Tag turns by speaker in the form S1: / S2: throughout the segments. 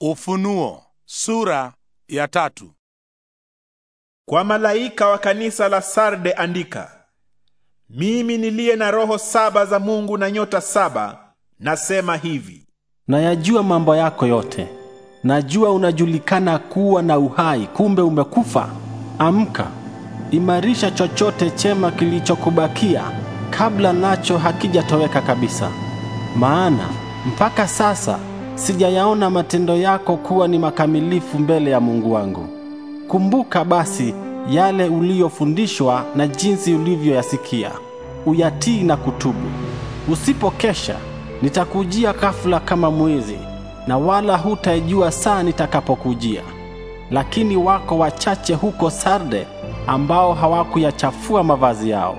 S1: Ufunuo sura ya tatu. Kwa malaika wa kanisa la Sarde andika: Mimi niliye na roho saba za Mungu na nyota saba nasema hivi. Nayajua
S2: mambo yako yote. Najua unajulikana kuwa na uhai, kumbe umekufa. Amka, imarisha chochote chema kilichokubakia kabla nacho hakijatoweka kabisa. Maana mpaka sasa sijayaona matendo yako kuwa ni makamilifu mbele ya Mungu wangu. Kumbuka basi yale uliyofundishwa na jinsi ulivyoyasikia, uyatii na kutubu. Usipokesha nitakujia ghafula kama mwizi, na wala hutaijua saa nitakapokujia. Lakini wako wachache huko Sarde ambao hawakuyachafua mavazi yao.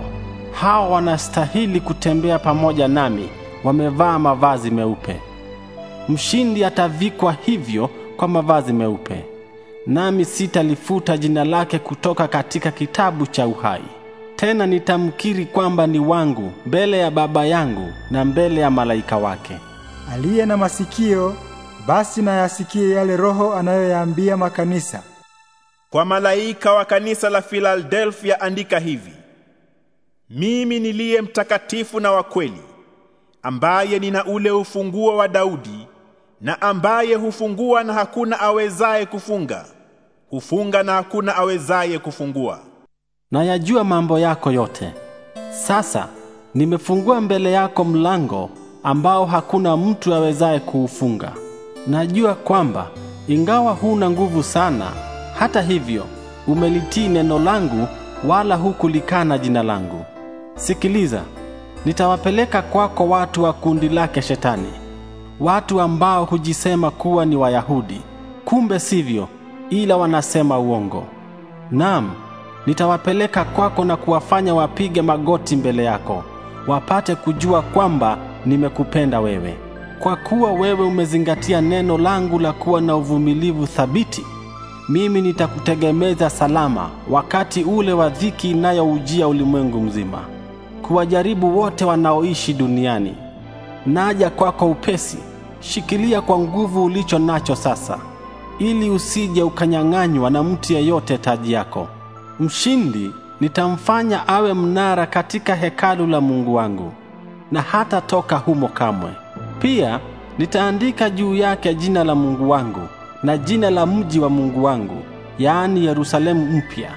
S2: Hao wanastahili kutembea pamoja nami, wamevaa mavazi meupe. Mshindi atavikwa hivyo kwa mavazi meupe, nami sitalifuta jina lake kutoka katika kitabu cha uhai. Tena nitamkiri kwamba ni wangu mbele ya Baba yangu na mbele ya malaika wake.
S1: Aliye na masikio basi na yasikie yale Roho anayoyaambia makanisa. Kwa malaika wa kanisa la Filadelfia andika hivi: Mimi niliye mtakatifu na wa kweli, ambaye nina ule ufunguo wa Daudi na ambaye hufungua na hakuna awezaye kufunga, hufunga na hakuna awezaye kufungua.
S2: Na yajua mambo yako yote. Sasa nimefungua mbele yako mlango ambao hakuna mtu awezaye kuufunga. Najua kwamba ingawa huna nguvu sana, hata hivyo umelitii neno langu, wala hukulikana jina langu. Sikiliza, nitawapeleka kwako watu wa kundi lake Shetani watu ambao hujisema kuwa ni Wayahudi, kumbe sivyo, ila wanasema uongo. Naam, nitawapeleka kwako na kuwafanya wapige magoti mbele yako, wapate kujua kwamba nimekupenda wewe, kwa kuwa wewe umezingatia neno langu la kuwa na uvumilivu thabiti. Mimi nitakutegemeza salama wakati ule wa dhiki inayoujia ulimwengu mzima, kuwajaribu wote wanaoishi duniani naja kwako kwa upesi, shikilia kwa nguvu ulicho nacho sasa, ili usije ukanyang'anywa na mtu yeyote taji yako. Mshindi nitamfanya awe mnara katika hekalu la Mungu wangu, na hata toka humo kamwe. Pia nitaandika juu yake jina la Mungu wangu na jina la mji wa Mungu wangu, yaani Yerusalemu mpya,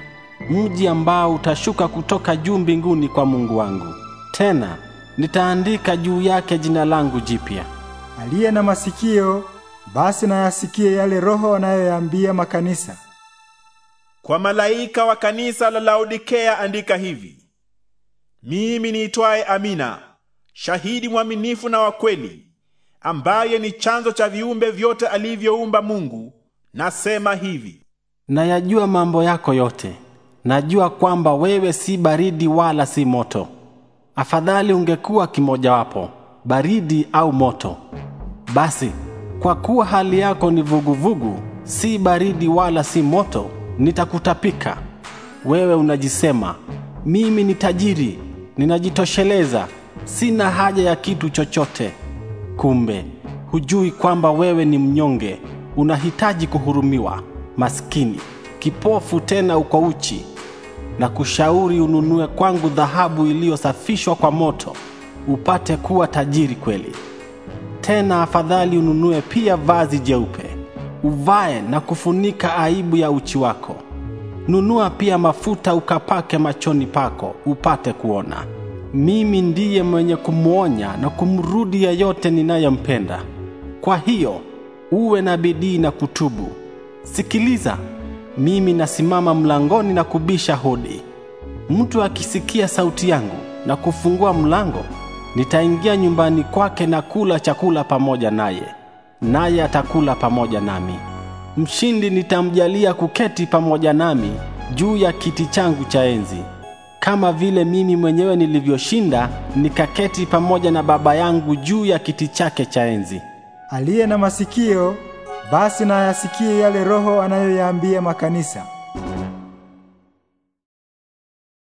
S2: mji ambao utashuka kutoka juu mbinguni kwa Mungu wangu. Tena nitaandika juu yake jina langu jipya.
S1: Aliye na masikio basi na yasikie yale Roho anayoyaambia makanisa. Kwa malaika wa kanisa la Laodikea andika hivi: mimi niitwaye Amina, shahidi mwaminifu na wakweli ambaye ni chanzo cha viumbe vyote alivyoumba Mungu, nasema hivi: nayajua
S2: mambo yako yote, najua kwamba wewe si baridi wala si moto afadhali ungekuwa kimojawapo, baridi au moto. Basi kwa kuwa hali yako ni vuguvugu vugu, si baridi wala si moto, nitakutapika wewe. Unajisema, mimi ni tajiri, ninajitosheleza, sina haja ya kitu chochote. Kumbe hujui kwamba wewe ni mnyonge, unahitaji kuhurumiwa, maskini, kipofu, tena uko uchi na kushauri ununue kwangu dhahabu iliyosafishwa kwa moto, upate kuwa tajiri kweli. Tena afadhali ununue pia vazi jeupe, uvae na kufunika aibu ya uchi wako. Nunua pia mafuta ukapake machoni pako, upate kuona. Mimi ndiye mwenye kumwonya na kumrudi yeyote ninayempenda. Kwa hiyo uwe na bidii na kutubu. Sikiliza, mimi nasimama mlangoni na kubisha hodi. Mtu akisikia sauti yangu na kufungua mlango, nitaingia nyumbani kwake na kula chakula pamoja naye, naye atakula pamoja nami. Mshindi nitamjalia kuketi pamoja nami juu ya kiti changu cha enzi, kama vile mimi mwenyewe nilivyoshinda nikaketi pamoja na Baba yangu juu ya kiti chake cha enzi.
S1: Aliye na masikio basi na yasikie yale Roho anayoyaambia makanisa.